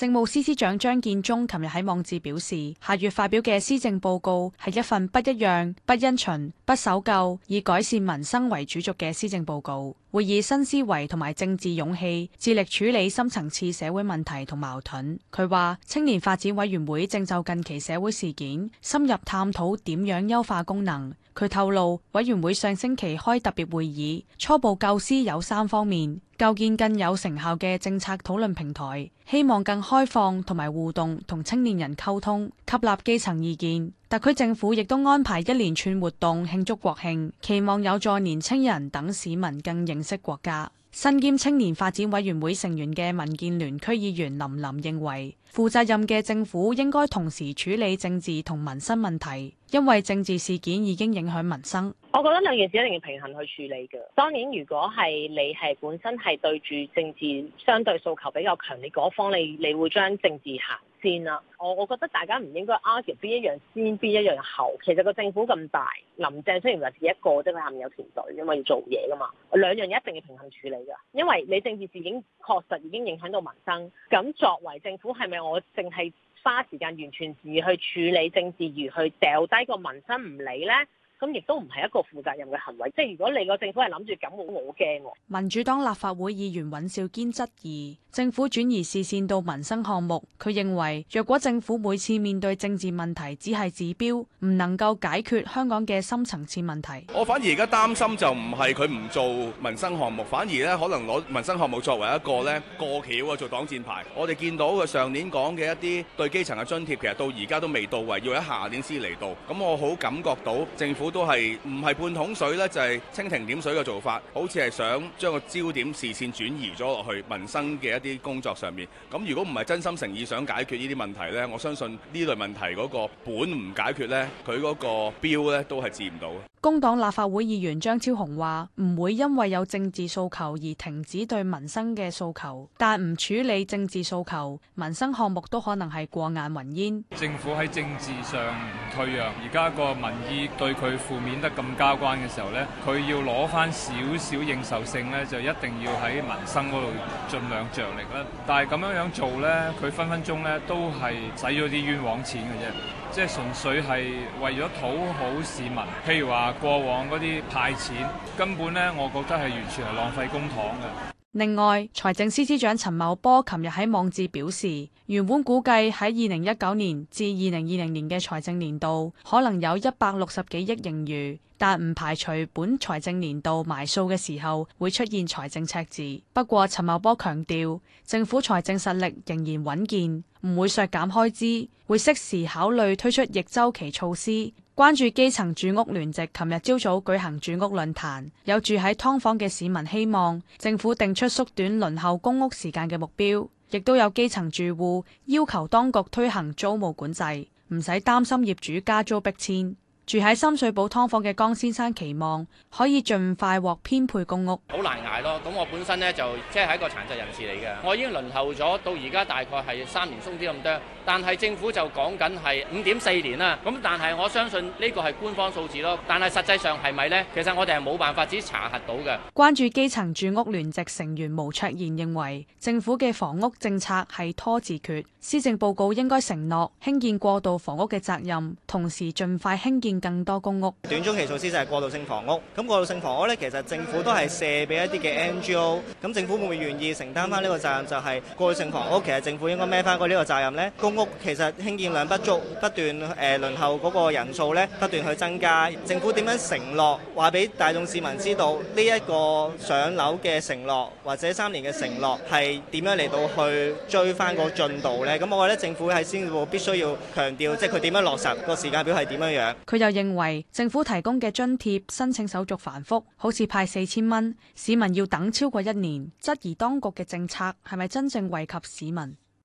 政務司司長張建宗琴日喺網誌表示，下月發表嘅施政報告係一份不一樣、不因循、不守舊，以改善民生為主軸嘅施政報告，會以新思維同埋政治勇氣，致力處理深層次社會問題同矛盾。佢話青年發展委員會正就近期社會事件深入探討點樣優化功能。佢透露，委員會上星期開特別會議，初步構思有三方面。構建更有成效嘅政策討論平台，希望更開放同埋互動，同青年人溝通，吸納基層意見。特區政府亦都安排一連串活動慶祝國慶，期望有助年青人等市民更認識國家。身兼青年發展委員會成員嘅民建聯區議員林琳認為，負責任嘅政府應該同時處理政治同民生問題，因為政治事件已經影響民生。我覺得兩件事一定要平衡去處理嘅。當然如果係你係本身係對住政治相對訴求比較強烈嗰方你你會將政治行先啦，我我覺得大家唔應該 argue 邊一樣先，邊一樣後。其實個政府咁大，林鄭雖然話自己一個，即佢下面有團隊，因為要做嘢噶嘛，兩樣嘢一定要平衡處理噶。因為你政治事已經確實已經影響到民生，咁作為政府係咪我淨係花時間完全只去處理政治，而去掉低個民生唔理咧？咁亦都唔係一個負責任嘅行為，即係如果你個政府係諗住咁，我我驚。民主黨立法會議員尹兆堅質疑政府轉移視線到民生項目，佢認為若果政府每次面對政治問題，只係指標，唔能夠解決香港嘅深層次問題。我反而而家擔心就唔係佢唔做民生項目，反而咧可能攞民生項目作為一個咧過橋啊做擋箭牌。我哋見到佢上年講嘅一啲對基層嘅津貼，其實到而家都未到位，要喺下年先嚟到。咁我好感覺到政府。都係唔係半桶水咧，就係蜻蜓點水嘅做法，好似係想將個焦點視線轉移咗落去民生嘅一啲工作上面。咁如果唔係真心誠意想解決呢啲問題呢，我相信呢類問題嗰個本唔解決呢，佢嗰個標咧都係治唔到。工黨立法會議員張超雄話：唔會因為有政治訴求而停止對民生嘅訴求，但唔處理政治訴求，民生項目都可能係過眼雲煙。政府喺政治上唔退讓，而家個民意對佢負面得咁交關嘅時候呢，佢要攞返少少認受性呢，就一定要喺民生嗰度儘量着力啦。但係咁樣樣做呢，佢分分鐘，呢都係使咗啲冤枉錢嘅啫，即係純粹係為咗討好市民。譬如話過往嗰啲派錢，根本呢我覺得係完全係浪費公帑嘅。另外，財政司司長陳茂波琴日喺網誌表示，原本估計喺二零一九年至二零二零年嘅財政年度可能有一百六十幾億盈餘，但唔排除本財政年度埋數嘅時候會出現財政赤字。不過，陳茂波強調，政府財政實力仍然穩健，唔會削減開支，會適時考慮推出逆周期措施。關注基層住屋聯席，琴日朝早舉行住屋論壇，有住喺㓥房嘅市民希望政府定出縮短輪候公屋時間嘅目標，亦都有基層住戶要求當局推行租務管制，唔使擔心業主加租逼遷。住喺深水埗劏房嘅江先生期望可以盡快獲編配公屋，好難捱咯。咁我本身呢，就即係一個殘疾人士嚟嘅，我已經輪候咗到而家大概係三年鬆啲咁多，但係政府就講緊係五點四年啦。咁但係我相信呢個係官方數字咯，但係實際上係咪呢？其實我哋係冇辦法只查核到嘅。關注基層住屋聯席成員毛卓賢認為，政府嘅房屋政策係拖字訣，施政報告應該承諾興建過渡房屋嘅責任，同時盡快興建。更多公屋，短中期措施就係過渡性房屋。咁過渡性房屋咧，其實政府都係借俾一啲嘅 NGO。咁政府會唔會願意承擔翻呢個責任？就係過渡性房屋，其實政府應該孭翻過呢個責任咧。公屋其實興建量不足，不斷誒輪候嗰個人數咧不斷去增加。政府點樣承諾話俾大眾市民知道呢一個上樓嘅承諾，或者三年嘅承諾係點樣嚟到去追翻個進度咧？咁我覺得政府喺先一步必須要強調，即係佢點樣落實個時間表係點樣樣。佢又認為政府提供嘅津貼申請手續繁複，好似派四千蚊，市民要等超過一年，質疑當局嘅政策係咪真正惠及市民。